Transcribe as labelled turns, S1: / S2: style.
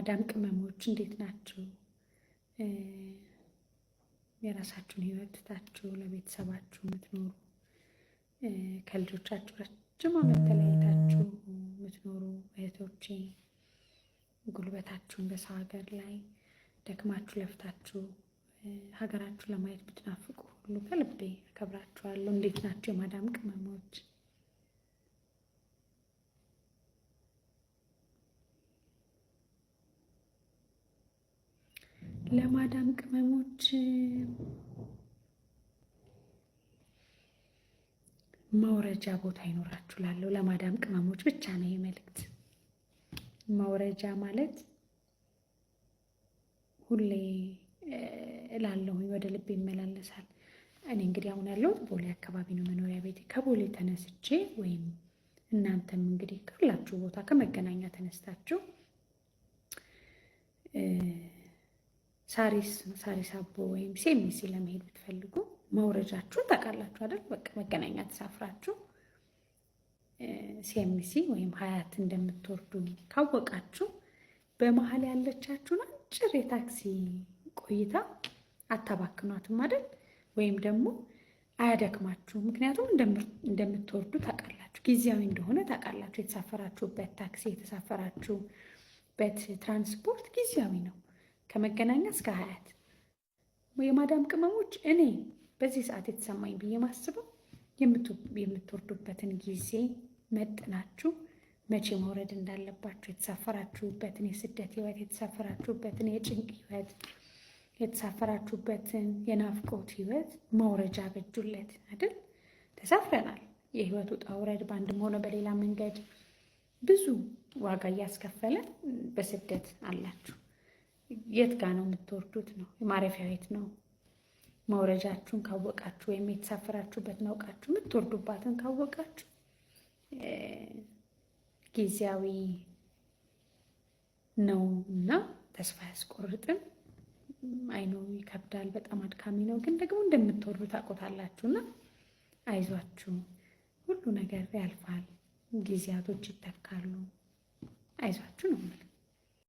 S1: አዳም ቅመሞች እንዴት ናችሁ? የራሳችሁን ህይወት ትታችሁ ለቤተሰባችሁ የምትኖሩ ከልጆቻችሁ ረጅም ዓመት ተለይታችሁ የምትኖሩ እህቶቼ ጉልበታችሁን በሰው ሀገር ላይ ደክማችሁ ለፍታችሁ ሀገራችሁን ለማየት ብትናፍቁ ሁሉ ከልቤ አከብራችኋለሁ። እንዴት ናቸው የማዳም ቅመሞች? ለማዳም ቅመሞች ማውረጃ ቦታ ይኖራችሁ ላለው ለማዳም ቅመሞች ብቻ ነው ይህ መልእክት። ማውረጃ ማለት ሁሌ እላለሁኝ፣ ወደ ልብ ይመላለሳል። እኔ እንግዲህ አሁን ያለው ቦሌ አካባቢ ነው መኖሪያ ቤቴ። ከቦሌ ተነስቼ ወይም እናንተም እንግዲህ ካላችሁ ቦታ ከመገናኛ ተነስታችሁ ሳሪስ ሳሪስ አቦ ወይም ሴሚሲ ለመሄድ ብትፈልጉ መውረጃችሁን ታውቃላችሁ አይደል? በቃ መገናኛ ተሳፍራችሁ ሴሚሲ ወይም ሀያት እንደምትወርዱ ካወቃችሁ በመሀል ያለቻችሁን አጭር የታክሲ ቆይታ አታባክኗትም አይደል? ወይም ደግሞ አያደክማችሁ። ምክንያቱም እንደምትወርዱ ታውቃላችሁ፣ ጊዜያዊ እንደሆነ ታውቃላችሁ። የተሳፈራችሁበት ታክሲ የተሳፈራችሁበት ትራንስፖርት ጊዜያዊ ነው። ከመገናኛ እስከ ሀያት የማዳም ቅመሞች እኔ በዚህ ሰዓት የተሰማኝ ብዬ ማስበው የምትወርዱበትን ጊዜ መጥናችሁ መቼ መውረድ እንዳለባችሁ የተሳፈራችሁበትን የስደት ህይወት የተሳፈራችሁበትን የጭንቅ ህይወት የተሳፈራችሁበትን የናፍቆት ህይወት መውረጃ አበጁለት አይደል? ተሳፍረናል። የህይወቱ ውጣ ውረድ በአንድም ሆነ በሌላ መንገድ ብዙ ዋጋ እያስከፈለ በስደት አላችሁ። የት ጋ ነው የምትወርዱት? ነው የማረፊያ ቤት ነው መውረጃችሁን ካወቃችሁ ወይም የተሳፈራችሁበትን አውቃችሁ የምትወርዱባትን ካወቃችሁ ጊዜያዊ ነው እና ተስፋ ያስቆርጥም። አይኖ ይከብዳል፣ በጣም አድካሚ ነው። ግን ደግሞ እንደምትወርዱ ታውቁታላችሁ እና አይዟችሁ፣ ሁሉ ነገር ያልፋል፣ ጊዜያቶች ይተካሉ። አይዟችሁ ነው።